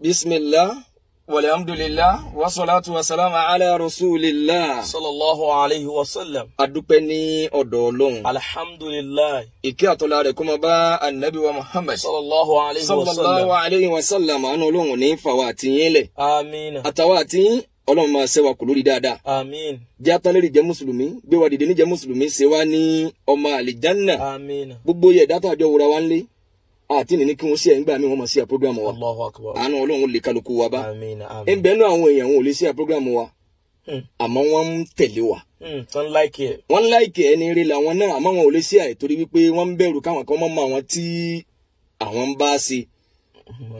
بسم الله والحمد لله والصلاة والسلام على رسول الله صلى الله عليه وسلم adúpẹ́ ní ọ̀dọ̀ Ọlọ́run alhamdulillah ìkẹ́ àtọ́lá rẹ̀ kó máa bá anabi wa muhammad sallallahu alayhi wa sallam sallallahu alayhi wa sallam àánú Ọlọ́run ní fàwa àtìyín lẹ̀ àmín àtàwa àtìyín Ọlọ́run máa ṣe wa kù lórí dáadáa àmín jẹ́ atánlérí jẹ́ mùsùlùmí gbé wa dìde níjẹ́ mùsùlùmí ṣe wa ní ọmọ àlìjánná àmín gbogbo yẹ̀ dátà àjọ wura wa ń lé àti nìní kí wọ́n sí ẹ̀yìn gbà mí wọ́n mọ̀ sí à program wa àánú ọlọ́run lè kálukú wa bá ń bẹ́nu àwọn èèyàn wọn ò lè sí à program wa hmm. àmọ́ wọ́n ń tẹ̀lé wa. Hmm, wọ́n láìkì ẹ̀. wọ́n láìkì ẹni rí náà àmọ́ wọn ò lè sí àì torí wípé wọ́n ń bẹ̀rù káwọn kan mọ́ mọ́ àwọn tí àwọn ń bá ṣe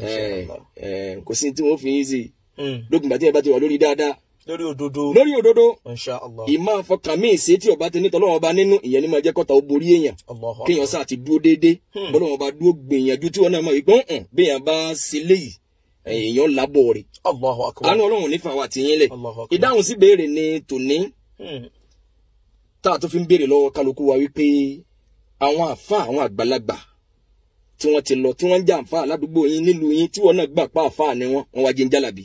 eh, eh, kò sí tí wọ́n fi ń ṣe hmm. lókùnbà tí ẹ bá ti wà lórí dáadáa lórí òdodo lórí òdodo inshallah ìmọ̀ àfọkàn míì sí tí ọba ti ní tọ́lọ́wọ́n ọba nínú ìyẹn ni. máa jẹ́ kọ́ta ó borí èèyàn kéèyàn sáà ti dúró déédéé hmm. bọ́lọ́wọ́n ọba dúró gbìyànjú tí wọ́n náà máa gbọ́n hàn béèyàn bá ṣe léyìí èèyàn lábọ̀ rẹ̀ àánú ọlọ́run nífà wà tìyín lẹ̀ ìdáhùn sí béèrè ni tòní tá a tó fi ń béèrè lọ́wọ́ kálukú wa wípé àwọn àfa àwọn àgbàlagbà tí wọ́n ti lọ tí wọ́n ń pa àfa ni wọ́n wọ́n wá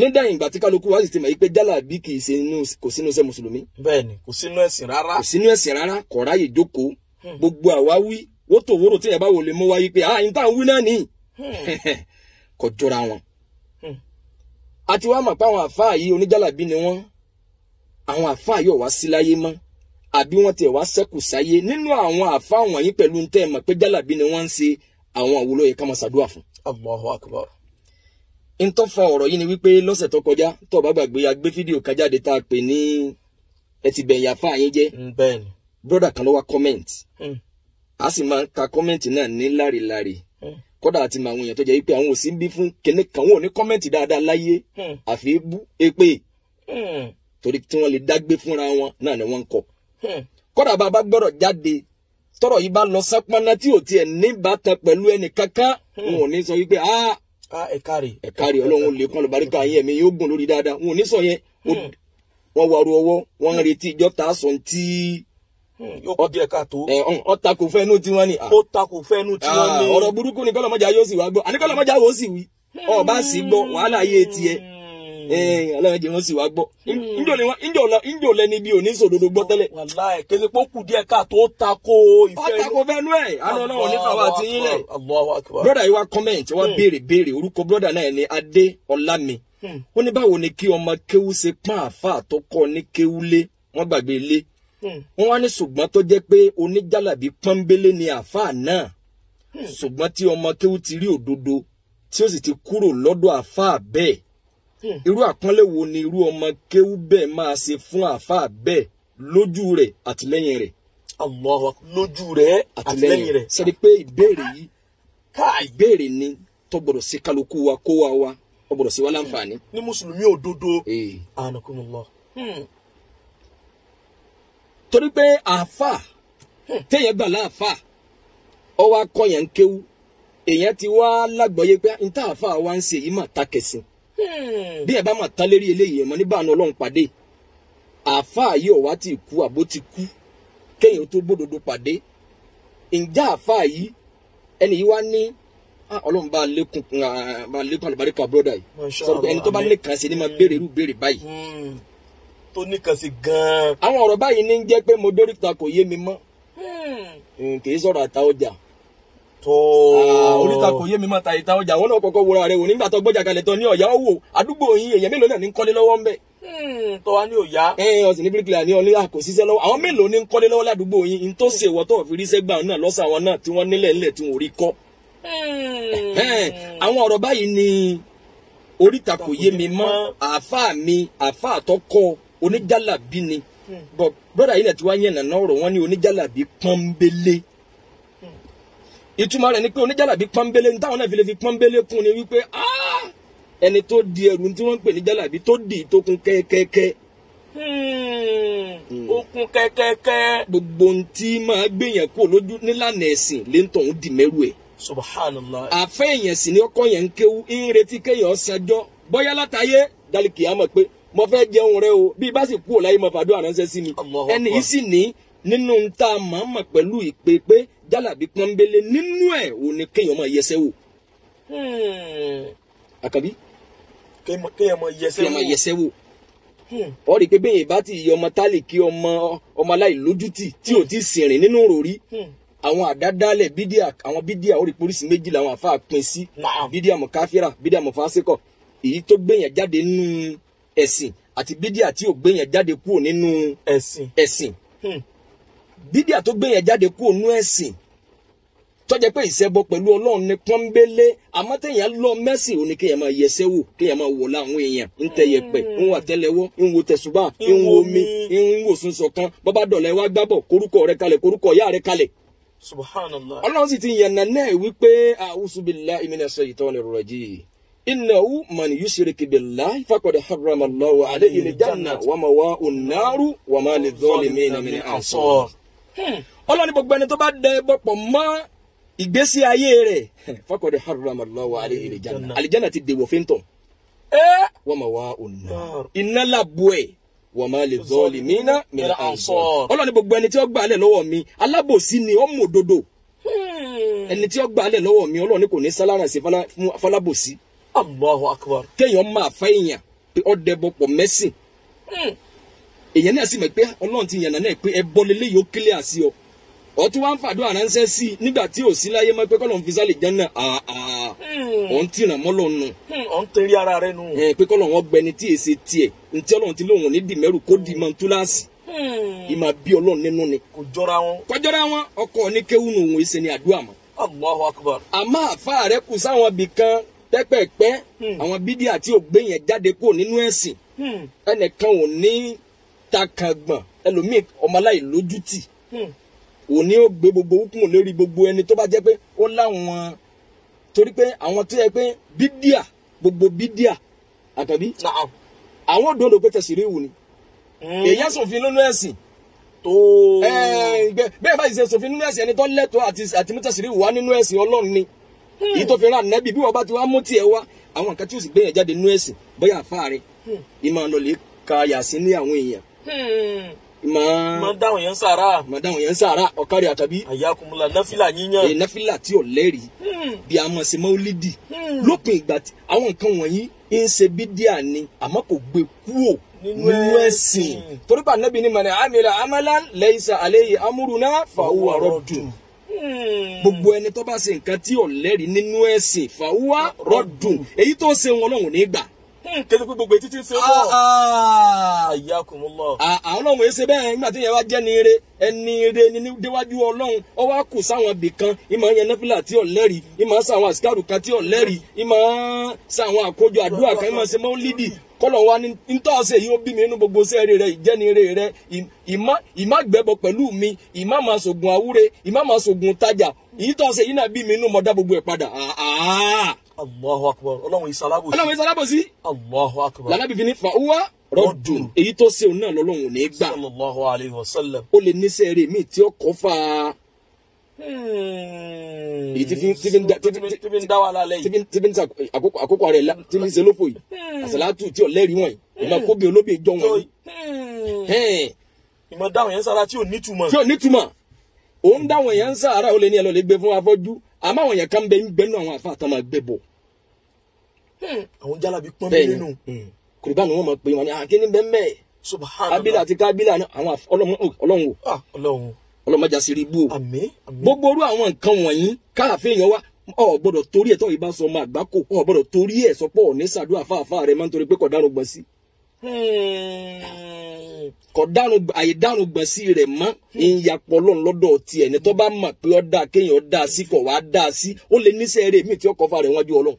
nídàáyìn ìgbà tí kálukú wa sì ti mọ̀ yí pé jálàbí kì í ṣe inú kò sínú ẹsẹ̀ mùsùlùmí. bẹ́ẹ̀ni kò sínú ẹ̀sìn rárá. kò sínú ẹ̀sìn rárá kò ráyè jókòó hmm. gbogbo àwa wí wó tòwórò tí ìyàbá wò lè mú wáyé pé ah yín tá à ń wí náà nìyí hmm. kò jọra wọn. Hmm. a ti wá mọ̀ pé àwọn àfáà yìí oníjálàbí ni wọ́n àwọn àfáà yóò wá sí láyé mọ́ àbí wọ́n tiẹ̀ wá sẹ́kù sáyé nínú àwọn àfáà wọ̀nyí n tó fa ọ̀rọ̀ yìí ni wípé lọ́sẹ̀ tó kọjá tó bá gbàgbé a gbé fídíò kan jáde tá a pè ní ẹ ti jẹ́ mm, broda kan ló wá comment mm. a sì máa ń ka comment náà ní lárilári mm. kódà àti màwọn èèyàn tó jẹ́ wípé àwọn ò sí bí fún kíní kan wọn ò ní comment dáadáa láyé àfi bú èpè torí tí wọ́n lè dágbé fúnra wọn náà ni wọ́n ń kọ kódà bàbá gbọ́dọ̀ jáde tọ́rọ̀ yìí bá lọ sápáná tí ò tiẹ̀ níbàtàn pẹ̀lú ẹnì kankan wọn ò ní sọ wípé ah ka ẹ̀kárì ọlọ́run lè kán lọ́bàríkà yín ẹ̀mí yóò gùn lórí dáadáa wọn ò ní sọ yẹn wọn wàrú wọn ń retí ìjọ ta sọ tí. Hmm, yóò kọ ẹ ọ takò fẹnu tí wọn ni. ó takò fẹnu tí ah, ni. ọ̀rọ̀ burúkú ni kọ́lọ́mọjà yóò sì wá àní sì wí. Hmm. bá sì wàhálà yé Eh, ọlọ́run jẹ́ wọ́n sì wá gbọ́ ìjọ hmm. lẹni bí òní sòdodo gbọ́ tẹ́lẹ̀. wàláì kéde pé ó kù díẹ̀ ká tako ife. inú. ó tako fẹ́nu ẹ̀ àná ọlọ́run nípa wa ti yín lẹ̀. broda yìí wá comment wá hmm. béèrè béèrè orúkọ broda náà ni adé ọlámi. Hmm. ó ní báwo ni kí ọmọ kéwú ṣe pán àfa àtọkọ ní kéwú lé wọn gbàgbé ilé. wọn wá ní ṣùgbọ́n tó jẹ́ pé oníjàlàbí pọ́nbélé ni àfa náà ṣùgbọ́n tí ọmọ kéwú ti rí òdodo tí ó sì ti kúrò lọ́dọ̀ àfa bẹ́ẹ̀ Hmm. irú àpọ́nlé wo ni irú ọmọ kéwú bẹ́ẹ̀ máa ṣe fún àáfàá bẹ́ẹ̀ lójú rẹ̀ àtìlẹ́yìn rẹ̀. Allahu lójú rẹ̀ àtìlẹ́yìn rẹ̀. sẹ́ni pé ìbéèrè yìí ìbéèrè ni tó gbọ́dọ̀ sí kálukú wa kó wa wa ó gbọ́dọ̀ sí wa hmm. láǹfààní. ní mùsùlùmí òdodo eh. anakumullah. Hmm. torí pé àáfàá téèyàn gbà láàfàá ọwọ́ akọ̀yàn kéwú èèyàn ti wá lágbọ̀ọ́yé pé ntàáfàá wa ń ṣe yìí mà ta kẹsìn. Hmm. bí ẹ bá mà tán lérí eléyìí ẹ mọ ní báàánú Ọlọ́run pàdé àáfàá yìí ọ̀wá ti kú àbó ti kú kéèyàn tó gbódodo pàdé ǹjẹ́ àáfàá yìí ẹni yìí wá ní ah, Ọlọ́run bá lékún ah, bá lékún àlùbáríkà bọ́dà yìí sọ pé ẹni tó bá ní kàn sí ni máa béèrè irú béèrè báyìí. Hmm. tó ní kàn sí gan àwọn ọ̀rọ̀ báyìí ní jẹ́ pé mo dórí kò yé mi mọ́ hmm. kì í sọ̀rọ̀ àtàwọ̀jà. Ah, orítakò yé mi máa ta ìta ọjà wọn náà kọ́kọ́ wúra rẹ wò nígbà tó gbọ́jà kalẹ̀ tán ní ọ̀yá ó àdúgbò yín èèyàn mélòó náà ní kọ́lé lọ́wọ́ ń bẹ̀. Hmm, tó wá ní òyá. ẹ ẹ ọsìn ní bíríkìlà ní ọlẹ́ àkó síṣẹ́ lọ́wọ́ àwọn mélòó ní kọ́lé lọ́wọ́ ládùúgbò yín ní tó ṣe ìwọ́ fi ríṣẹ́ gbà náà lọ́sàn àwọn náà tí wọ́n nílẹ̀ ńlẹ̀ tí wọ́n rí kọ́. Hmm ìtumọ̀ rẹ̀ ni pé oníjàlàbí pọ́nbélé ní táwọn náà fi lè fi pọ́nbélé kún ni wípé ah! ẹni tó di ẹrù tí wọ́n ń pè ní jàlàbí tó di tó kún kẹ́kẹ́kẹ́. Hmm. ó kún kẹ́kẹ́kẹ́. gbogbo ohun tí máa gbìyàn kúrò lójú nílànà ẹ̀sìn lè ń tọ̀hún di mẹ́rù ẹ̀. subhanallah. àfẹ́ èèyàn sì ni ọkọ̀ yẹn ń kéwu ń retí kéèyàn sanjọ́ bóyá látàyé dálíkì àmọ̀ pé mo fẹ́ jẹun rẹ o bí bá sì kúrò láyé mo fàdúrà ránṣẹ́ sí mi ẹni yìí sì ní nínú ta màmá pẹ̀lú ìpè pé jálàbí pọ́nbélé nínú ẹ̀ ò ní kéèyàn máa yẹsẹ́ wò. Hmm. àkàbí. kéèyàn máa yẹsẹ́ wò. kéèyàn máa yẹsẹ́ wò. Hmm. ó rí i pé bẹ́ẹ̀ bá ti yẹ ọmọ tálíkì ọmọ ọmọ aláìlójútì tí ò ti sìnrìn nínú ròrí hmm. àwọn àdádálẹ̀ bídíà àwọn bídíà ó rí polisi méjì làwọn àfáà pín sí bídíà mọ̀ káfíra bídíà mọ̀ fásikọ̀ èyí tó gbẹ̀yàn jáde nínú ẹ̀sìn àti bídíà tí ò gbẹ̀yàn jáde kúrò nínú ẹ̀sìn. bídíà tó gbé yẹn jáde kúrò nú ẹ̀sìn tó jẹ́ pé ìṣẹ́bọ pẹ̀lú ọlọ́run ní pọ́nbélé àmọ́ ki lọ mẹ́sì ò kéèyàn máa yẹsẹ́ wò kéèyàn máa wò láwọn èèyàn ń tẹ yẹ̀pẹ̀ ń wà tẹ́lẹ̀wọ́ ń wo tẹ̀sùbà ń wo omi ń kan bọ́bá dọ̀lẹ́ wá gbábọ̀ korúkọ rẹ kalẹ̀ korúkọ rẹ kalẹ̀. ọlọ́run sì ti yànnà náà wípé innahu man billahi faqad harrama Hmm. ọlọ́ni gbogbo ẹni tó bá dẹ bọ̀pọ̀ mọ́ ìgbésí ayé rẹ̀ fọkọ̀dé haramallahu alayhi alijanna alijanna ti dèwọ̀ fíntọ̀ ẹ́ wọ́n ma wá ònà iná làbọ̀ ẹ̀ wọ́n ma lè zọ́ọ̀lì mìíràn mìíràn ànsọ́ ọlọ́ni gbogbo ẹni tí ó gbà á lẹ̀ lọ́wọ́ mi alábòsí ni ó mọ̀ òdodo hmm. ẹni tí ó gbà á lẹ̀ lọ́wọ́ mi ọlọ́ni kò ní sálárà sí falábòsí. Allahu akbar. kéèyàn máa fẹ́ èèyàn pé ó dẹ bọ̀pọ̀ mẹ́sìn hmm èyàn náà sì mọ̀ pé ọlọ́run ti yànnà náà pé ẹbọ lélẹ́ yóò kílẹ̀ àsì ọ ọ tí wàá ń fàdúrà ránṣẹ́ sí i nígbà tí ò sí láyé mọ́ pé kọ́lọ́n fi sálè jẹ́ náà àà hmm. ọ̀ ń tìràn mọ́lọ́ nù. Hmm, ọ̀ ń tẹ̀lé ara rẹ nù. ẹ pé kọ́lọ́n wọn gbẹni tí èsè tiẹ̀ ntí ọlọ́run ti lóun ní dìmẹ́rù kó di mọ́ túláàsì. Hmm. ìmọ̀ bí ọlọ́run nínú ni. kò jọra wọn. kò jọra wọn ọkọ ní kéwù nù òun ìṣe ni àdúrà mọ́. Allahu akbar. ẹnìkan ò ní ta kan gbọ̀n ẹlòmíì ọmọláì lójútì hmm. òní ó gbé gbogbo kúmò lórí gbogbo ẹni tó bá jẹ́ pé ó láwọn torí pé àwọn tó yẹ pé bídíà gbogbo bídíà àkàbí àwọn òdòdó ló pé tẹ̀sírí ìwù ni hmm. èèyàn ṣòfin lónú ẹ̀sìn bẹ́ẹ̀ bá ṣe ṣòfin nínú ẹ̀sìn ẹni tó lẹ́tọ̀ọ́ àti mítàṣírí wà nínú ẹ̀sìn ọlọ́run ni hmm. yìí tó fi rán ànábì bí wọ́n bá ti wá mú tiẹ̀ wá àwọn nǹkan tí ó sì gbẹ̀yìn jáde nínú ẹ̀sìn bóyá àfáà rẹ̀ ìmọ̀ ọ̀nà lè ka yàsí ní àwọn èèyàn máa hmm. dáhùn yẹn sàrà. máa dáhùn yẹn sàrà ọ̀kárí àtàbí. àyà kùmùlà náfìlà yíyan. èyí eh, náfìlà tí ò lẹ́rìí hmm. bí a mọ̀ sí maulidi. Hmm. lópin ìgbà tí àwọn nǹkan wọ̀nyí ń ṣe bídíà ni àmọ́ kò gbé kúrò nínú ẹ̀sìn. torí pa nẹ́bí ni mọ̀nà amílà amálà lẹ́yìísà àlẹ́yìí amúrúná fàáwù àrọ́dùn. gbogbo ẹni tó bá ṣe nǹkan tí ò lẹ́rìí nínú ẹ̀sìn fàáwù àrọ́dùn èyí tó ṣe wọn lọ́hùn nígbà Hmm, kele pé gbogbo etiti ń ṣe bọ̀. ìyá kò mú lọ. ọlọ́run èsè bẹ́ẹ̀ nígbà tí ìyẹn wá jẹ́ ire ẹni ire ni déwájú ọlọ́run sáwọn ibì kan yẹn nẹ́fìlà tí ọ̀lẹ́rì ìmọ̀ sáwọn àsìkárù kan tí ọ̀lẹ́rì ìmọ̀ sáwọn àkójọ àdúrà kan ìmọ̀ wa ní ntọ́sẹ̀ yìí ó bí mi nínú gbogbo sẹ́ẹ̀rì rẹ ìjẹ́nire rẹ ìmágbẹ́bọ pẹ̀lú mi ìmámasògùn àwúre ìmámasògùn tajà ìyítọ́sẹ̀ yìí náà bí mi Allahu akbar ọlọ́run ìsalábò sí. ọlọ́run ìsalábò sí. Allahu akbar. làlábì fi ní fàáwá rọ́dùn èyí tó ṣe òun náà lọ́lọ́run ò ní gbà. sallallahu alayhi wa sallam. ó lè ní sẹ́ẹ̀rì míì tí ó kọ́ fà èyí tí fi ń dá wàhálà lẹ́yìn. tí fi ń sa àkókò rẹ̀ hmm. tí fi ṣe lófo yìí. Hmm. àṣàlátù tí ò wọ̀nyí. ìmọ̀ hmm. kóbi olóbi ìjọ wọ̀nyí. ìmọ̀ dáhùn yẹn sára tí ò nítumọ̀. tí ò nítumọ̀ òun dáhùn yẹn sára ó lè ní ẹ lọ lè gbé fún afọ́jú àmọ́ àwọn yẹn kan bẹ ń gbẹ́nu àwọn àfa àtàwọn àgbẹ̀ bọ̀. Hmm. àwọn jálàbí pọ́n mi nínú. Hmm. kùrìbá ni wọ́n máa pè wọ́n ní akíní ah, bẹ́ẹ̀ mẹ́ẹ̀ abila àti kábílà àwọn ọlọ́run o ọlọ́mọdé àṣírí ibú o gbogbo orú àwọn nǹkan wọ̀nyí káàfin èèyàn wá ọ gbọ́dọ̀ torí ẹ̀ tó ìbá sọ ọmọ àgbákò ọ gbọ́dọ̀ torí ẹ̀ sọ pé òní ṣàdúrà fáàfáà rẹ máa ń torí pé kọ̀dánù gbọ̀n sí. Hmm. kọ̀dánù àìdánù gbọ̀n sí rẹ̀ mọ́ ìyàpọ̀ lọ́n lọ́dọ̀ tiẹ̀ ní tó bá mọ̀ pé ó dáa kéèyàn dáa sí kọ̀ wá dáa sí ó lè níṣẹ́ eré míì tí ó kọ́ fà wájú ọlọ́run.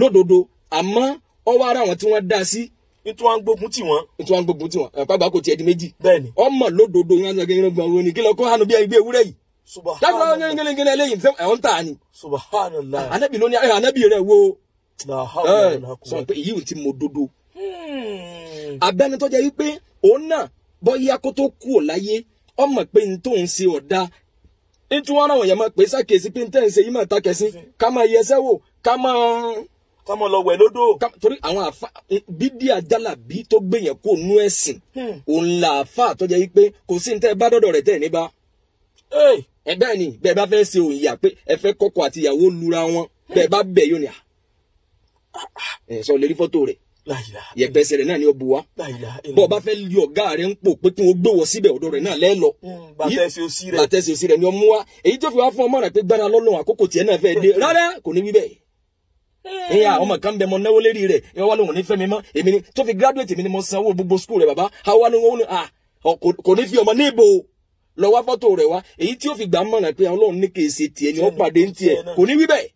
lódodo àmọ́ ọ wá ara àwọn tí wọ́n dá sí. nítorí wọn gbógun tì wọn. nítorí wọn gbógun tì wọn pàgbà kò tiẹ̀ di méjì. bẹ́ẹ̀ni ọmọ lódodo yẹn ń gbẹngẹn gbọ̀n wọn ni kí lọ kó hànú bí ẹni bí ewúrẹ́ yìí. subahana dábàá wọn gẹ́gẹ́ gẹ́gẹ́ lẹ́yìn fẹ́ ẹ̀hún tà ni. subahana anabi lóni ẹ anabi rẹ wo. sọ pé èyí ò ti mọ dodo. abẹ́nitọ́jà wípé òun náà bọ́yá kó tó kú ò láyé ọmọ pé n tóun ṣe ọ̀dà nítorí wọn àwọn máa pè é pé n tẹ́ ń ṣe yìí máa takẹ̀sí ká máa yẹsẹ́ wò ká máa kọmọ lọ wẹ̀ lódò. torí àwọn àfa bídí àjálàbí tó gbé yẹn kó nú ẹ̀sìn hmm. òun là àfa àtọjẹ yìí pé kò sí ní tẹ bá dọdọ rẹ tẹ ní bá. ẹ bẹ́ẹ̀ ni bẹ́ẹ̀ bá fẹ́ ṣe òyìnbá pé ẹ fẹ́ kọ́kọ́ àti ìyàwó lura wọn bẹ́ẹ̀ bá bẹ̀ yóò ní à. ẹ sọ lè rí fọ́tò rẹ̀ yẹ̀bẹ̀sẹ̀ rẹ̀ náà ni ó bu wa bọ́ ọba fẹ́ lé ọ̀gá rẹ̀ ń pò pé kí wọ́n gbé wọ síbẹ̀ ọ̀dọ̀ rẹ̀ náà lẹ́lọ. Hmm, bàtẹ́sí òsì rẹ̀ ni ọmú wa èyí tó fi wá fún ọmọ rẹ̀ pé gbára lọ́lọ́ àkókò tiẹ̀ náà fẹ́ dé rárá kò ní wí bẹ́ẹ̀. Eh, eh, ah, ìyá ọmọ kan bẹ mọ náwó lérí rẹ ẹ wá lóhùn ní fẹmi mọ èmi ni tó fi graduate mi ni mo sanwó gbogbo school rẹ bàbá àwa ni wọn kò ní fi ọmọ ní ìbò lọ wá fọ́tò rẹ̀ wá èyí tí ó fi gbà mọ̀ràn pé ọlọ́run ní kì í ṣe tiẹ̀ ni wọ́n pàdé ń tiẹ̀ kò ní wí bẹ́ẹ̀.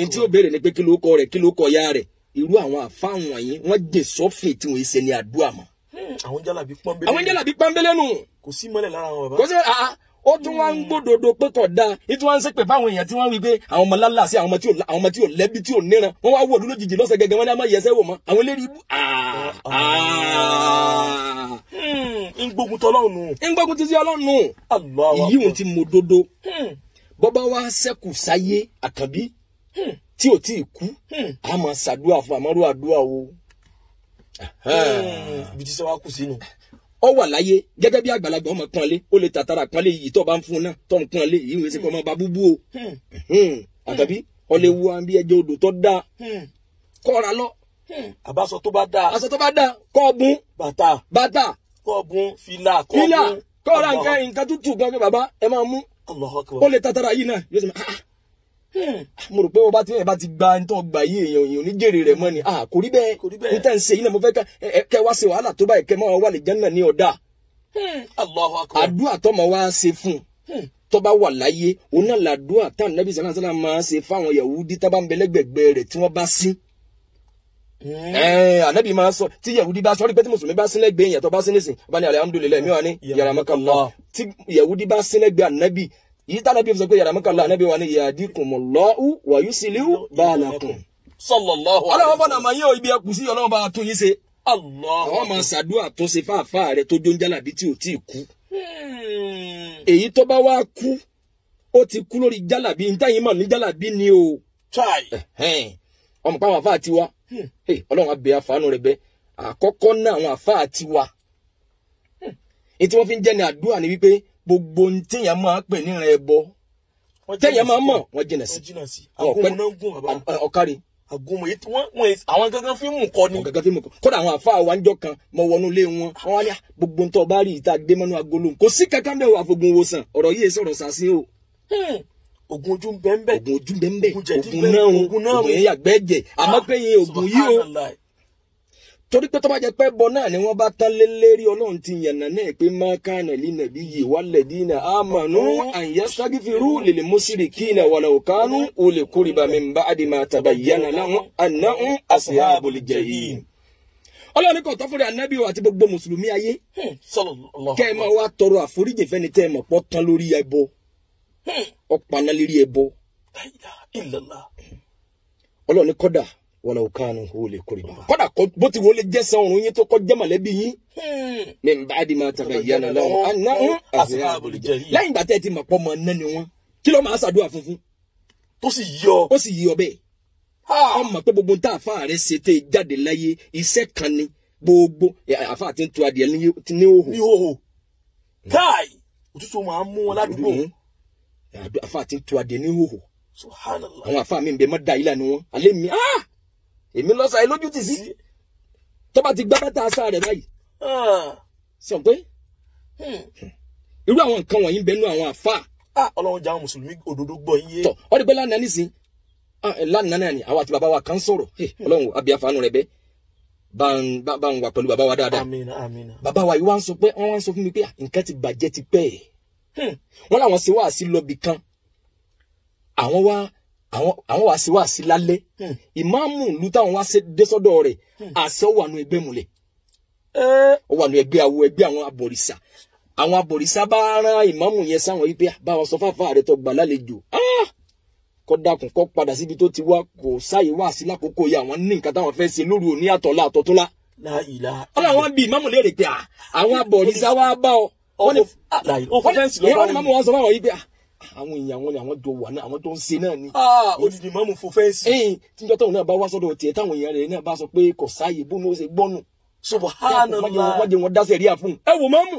ẹni tí ó béèrè ni pé kí ló kọ rẹ̀ kí ló kọ ya rẹ̀ irú àwọn àfáàwọn yìí wọ́n jè sọ́fìn tí wọ́n ṣe ní àdúrà mọ́. Hmm. àwọn jálàbí pọ́nbélé nù. kò sí mọ́lẹ̀ lára wọn bàbá. kò sí mọ́lẹ̀ ó tún wá ń gbódòdó pé kò dáa ìtú wá ń ṣépè fáwọn èèyàn tí wọ́n wí pé àwọn ọmọ lálá sí àwọn ọmọ tí ò lẹ́bi tí ò níran wọ́n wá wò lú lójijì lọ́sẹ̀ gẹ́gẹ́ wọ́n ní a máa yẹsẹ́ wò mọ́ àwọn eléyìí bú ah, ah. Hmm, ń gbógun ti nù. ń gbógun ti sí Ọlọ́run nù. ìyí òun ti mo dodo hmm. bọ́bá wa sẹ́kù sáyé àkànbí hmm. tí ò tí ì kú a máa ṣàdúrà fún àmọ́rú àdúrà o. ibi tí sọ wa kù sínú ọ wà láyé gẹ́gẹ́ bí àgbàlagbà ọmọ pọ́nlé ó lè tàtàrà pọ́nlé yìí tó bá ń fún náà tó ń pọ́nlé yìí wọ́n kọ́ ọmọ bá búbú o hmm. hmm. àtàbí ọ lè wú àwọn bí ẹjẹ odò tó dáa hmm. kọ́ra lọ. àbáṣọ tó bá dáa aṣọ tó bá dáa kọ́ bùn bàtà bàtà kọ́ bùn fìlà kọ́ bùn kọ́ra nǹkan nǹkan tútù gan-an bàbá ẹ máa mú ó lè tàtàrà yìí náà yóò sọ ma ah, ah Hmm. mo rò pé bá ti ẹ̀ bá ti gba ẹni tó gba yí èèyàn èèyàn ní jèrè rẹ̀ mọ́ ni à kò rí bẹ́ẹ̀ ní tẹ̀ ń ṣe yín náà mo fẹ́ kẹ wá ṣe wàhálà tó báyìí kẹ máa wà lè jẹ́nà ní ọ̀dà hmm. àdúrà tó máa wá ṣe fún hmm. tó bá wà láyé òun náà làdúrà tá nàbí sàlá sàlá máa ṣe fáwọn Yahudi tá bá ń bẹ lẹ́gbẹ̀gbẹ́ rẹ̀ tí wọ́n bá sín anabi máa sọ tí yahudi bá sọ ọdún tí mùsùlùmí bá sílẹ̀ gbé yẹn tó bá sílẹ̀ sìn yìí tá nàbí fi yàrá mọ́kànlá nàbí wà ní yahdikumullahu wa yuslihu balakum. sallallahu ọlọ́run fọ́nà máa yẹ ibi ẹkùn sí ọlọ́run bá a tún yín ṣe. àwọn máa ṣàdúrà tó ṣe rẹ tó jó ń jálàbí tí ò tí kú. Hmm. èyí tó bá wá kú ó ti kú lórí jálàbí ntáyìn mọ̀ ní jálàbí ni o. ọmọ pàwọn àfáà tiwa hmm. ọlọ́run abẹ́ àfàánú rẹ bẹ́ àkọ́kọ́ náà àwọn àfáà tiwa. Hmm. ètí wọ́n fi ń jẹ́ ni àdúrà ni wípé gbogbo ohun téèyàn máa pè ní ìran ẹbọ téèyàn máa mọ̀ wọ́n jìnà sí. ọ̀kárí. àgùnmọ̀ yìí wọ́n àwọn gangan fi mú kọ ni. àwọn gangan fi mú kọ kódà àwọn àfa wa ń jọ kan mọ wọnú ilé wọn wọn wá ní ah, gbogbo ntọ́ bá rí ìta gbé mọ́nú agolo kò sí kankan bẹ́ẹ̀ wà fògùn wòsàn ọ̀rọ̀ yìí sọ̀rọ̀ sàṣẹ hmm. o. ogun ojú bẹ́ẹ̀ bẹ́ẹ̀ ogun ojú bẹ́ẹ̀ bẹ́ẹ̀ ogun náà ogun yẹn yàgbẹ́ jẹ àmọ́ pé yẹn ogun yìí o torí pé tó bá jẹ pé bọ náà ni wọ́n bá tán lé lérí Ọlọ́run ti yànnà náà pé má kánà lìnà bí yìí wálẹ̀ dínà àmànú àyẹ ságífìrú lèlè mùsírì kíìnà wàlà òkánú olè kórìbà mi bá àdìmọ àtàbà yànnà láwọn àná ń àṣìyà àbòlìjẹ yìí. Ọlọ́run kò tọ́ fúnra anábì wa àti gbogbo mùsùlùmí ayé hmm, kẹ́ ẹ máa wá tọrọ àforíjì fẹ́ni tẹ́ ẹ mọ̀ pọ́ tán lórí ẹbọ ọ̀pọ̀ hmm. àná lérí ẹbọ Ọlọ́run kódà wọlé òkànnù hó lè kórè bá. kódà bó ti wọlé jẹsẹ ọrùn yín tó kọ jẹ mọ̀lẹ́bí yín. Hmm. mi n bá a di ma tàbí yẹn lọ àná lẹ́yìn ìgbà tẹ ti mọ̀ pọ mọ nẹni wọn kí ló máa ṣàdúrà funfun. tó sì yọ. ó sì yọ bẹ́ẹ̀. ọmọ pé gbogbo tá a fa ààrẹ ṣe tẹ jáde láyé iṣẹ́ kan ni gbogbo àfa àti tu adìẹ ní òhò. ní òhò káì òtútù máa ń mú wọn ládùúgbò. Hmm. àfa àti tu adìẹ ní òhò. àwọn àfa mi ń bẹ mọ́ da ilé wọn alẹ́ mi. Ah! èmi lọ́sà ẹ lójú tì sí tó bá ti gbá bàtà aṣá rẹ̀ báyìí sọ ah. pé hmm. irú àwọn nǹkan wọ̀nyí ń bẹnu àwọn àfa. Ah, ọlọ́run jáwọn mùsùlùmí òdodo gbọ́ yín yé. tọ ọ dìgbẹ́ lánàá nísìn ah, eh, lánàá náà ni àwa àti bàbá wa kan sọ̀rọ̀ ọlọ́run abiyafanu rẹ bẹ́ẹ̀ bá ń wà pẹ̀lú bàbá wa dáadáa àmín àmín bàbá wa yìí wá ń sọ pé wọ́n wá ń sọ fún mi pé nǹkan ti bàjẹ́ ti pẹ́ hmm. wọ́n làwọn ṣe wá sí lọ́bì kan àwọn wá àwọn wá sí wá sí lálẹ́ hmm. ìmáàmù ìlú táwọn wá dé sọ́dọ̀ rẹ̀ hmm. àṣẹ ó wà nù ẹgbẹ́ múlẹ̀ ó wà nù ẹgbẹ́ awo ẹgbẹ́ àwọn abọ̀rìṣà àwọn abọ̀rìṣà bá rán ìmáàmù yẹn sáwọn yìí pé ah, bá wọn sọ fáfá rẹ tó gbà lálejò ah! kó dákun kó padà síbi tó ti wá kò sáyé wá sí lákòókò yìí àwọn ní nǹkan táwọn fẹ́ ṣe lóru òní àtọ̀lá àtọ̀tọ́lá ọlọ́wọ́n bíi ìmáàmù léèrè pé ah, àwọn abọ̀rìṣà wá bá ọ wọ́n ní wọ́n ní ìmáàmù wọn sọ fáwọn yìí pé àwọn èèyàn wọn ni àwọn jọ wà náà àwọn tó ń ṣe náà ni. Ah, odidi mọ́mù fò fẹ́ǹsì. ẹyìn eh, tíjọ́ táwọn náà bá wá sọ́dọ̀ tiẹ̀ táwọn èèyàn rẹ̀ náà bá sọ pé kò sáàyè bó ní ó ṣe gbọ́nù. subhanallah wọ́n jẹ́ wọn dá sẹ̀ríà fún ẹ wò mọ́mù.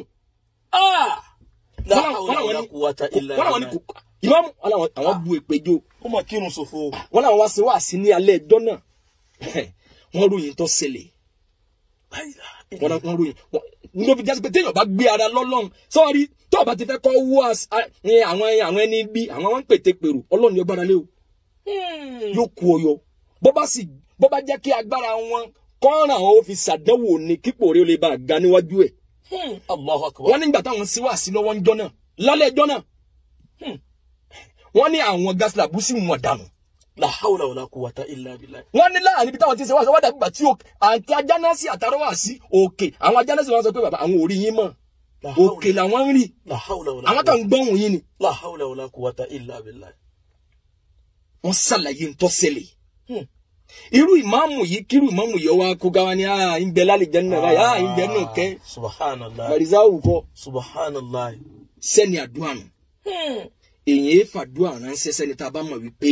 ìmọ̀mù àwọn bu ìpéjọ. ó mà kírun ṣòfò. wọn làwọn wá sí wá sí ní alẹ́ ẹjọ́ náà wọ́n ròyìn tó ṣẹlẹ̀. wọ́n ròyìn ló fi jásí pé téèyàn bá gbé ara lọ́lọ́run sọ́ọ́rí tó o bá ti fẹ́ kọ́ wú eh, eh, àwọn eh, àwọn ẹni bí àwọn wọn ń pète pèrò ọlọ́run yóò gbára lé o hmm. yóò kú ọyọ bó bá sì bó bá jẹ́ kí agbára wọn kọ́ràn ó fi ṣàdánwò ní kípò rẹ̀ ó lè bá a ga níwájú ẹ̀ hmm. wọ́n nígbà táwọn síwáàsí lọ́wọ́ ń jọ́nà lálẹ́ jọ́nà hmm. wọ́n ní àwọn gaslambu sì mọ̀ dànù làhàwùlà wàlà kò wàtà ilà bìlà. wọ́n ní láàrin ibi táwọn ti ń ṣe wá sọ wá dàgbà tí àti ajánásì àtàrọwà sí òkè àwọn ajánásì wọn sọ pé bàbá àwọn ò rí yín mọ́ òkè làwọn ń rí àwọn kan gbọ́hùn yín ni. làhàwùlà wàlà kò wàtà ilà bìlà. wọ́n ṣàlàyé ń tọ́sẹ̀lẹ̀ hmm. irú ìmáàmù yìí kírú ìmáàmù yìí ọwọ́ akóga wa ni a ah, ìgbẹ́ lálẹ́ jẹ́ nínú ẹ̀ báyìí a ah, ìgbẹ́ náà kẹ́. subhanallah marizawu kọ. àdúrà nù. Hmm. èyí fàdúrà ránṣẹ́ sẹ́ni tá a bá mọ̀ wípé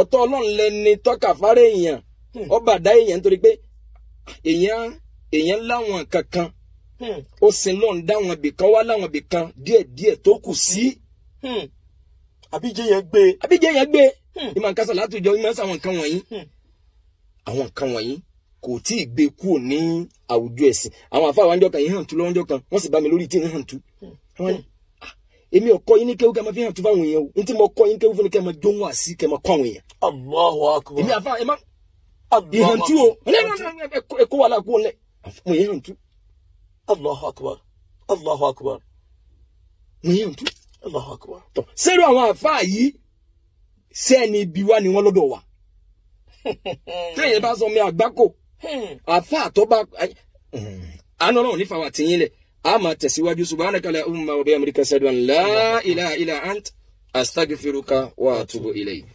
ọ̀tọ̀ ọlọ́run lẹni tọ́ka fárẹ́ èèyàn ọba hmm. àdá èèyàn nítorí pé èèyàn èèyàn láwọn kankan hmm. ó sin lọ́run dáwọn ibìkan wá láwọn ibìkan díẹ̀díẹ̀ tó kù sí. àbíjẹ hmm. yẹn gbé. àbíjẹ yẹn gbé. ìmọ̀ nǹkan sọ̀ látòjọ ìmọ̀ sàwọn nǹkan wọ̀nyí. àwọn nǹkan wọ̀nyí kò tí ì gbé kúrò ní àwùjọ ẹ̀sìn àwọn àfa àwọn kan yìí hàn tú lọ́wọ́njọ kan wọ́n sì bá mi lórí tí ì hàn tú èmi ò kọ́ yín ní kéwú kẹ́ máa fi hàn tó fáwọn èèyàn o ntí mo kọ́ yín kéwú fún ni kẹ́ máa jóhun àsí kẹ́ máa kọ́ àwọn èèyàn. Allahu akbar. èmi àfa ẹ má ìhàntú o ẹ kó wàhálà kó lẹ mo yẹ hàntú. Allahu akbar Allahu akbar. mo yẹ hàntú. Allahu akbar. tọ sẹ́rù àwọn àfa yìí sẹ́ni ibi wa ni wọ́n lọ́dọ̀ wa tẹ́yìn bá sọ mi àgbákò hmm. àfa àtọ́ bá hmm, àná náà nífa wà tìyín lẹ̀ a máa tẹ̀síwájú subhanaka la umma wa bihamdika ashhadu an la ilaha illa ant astaghfiruka wa atubu ilayk.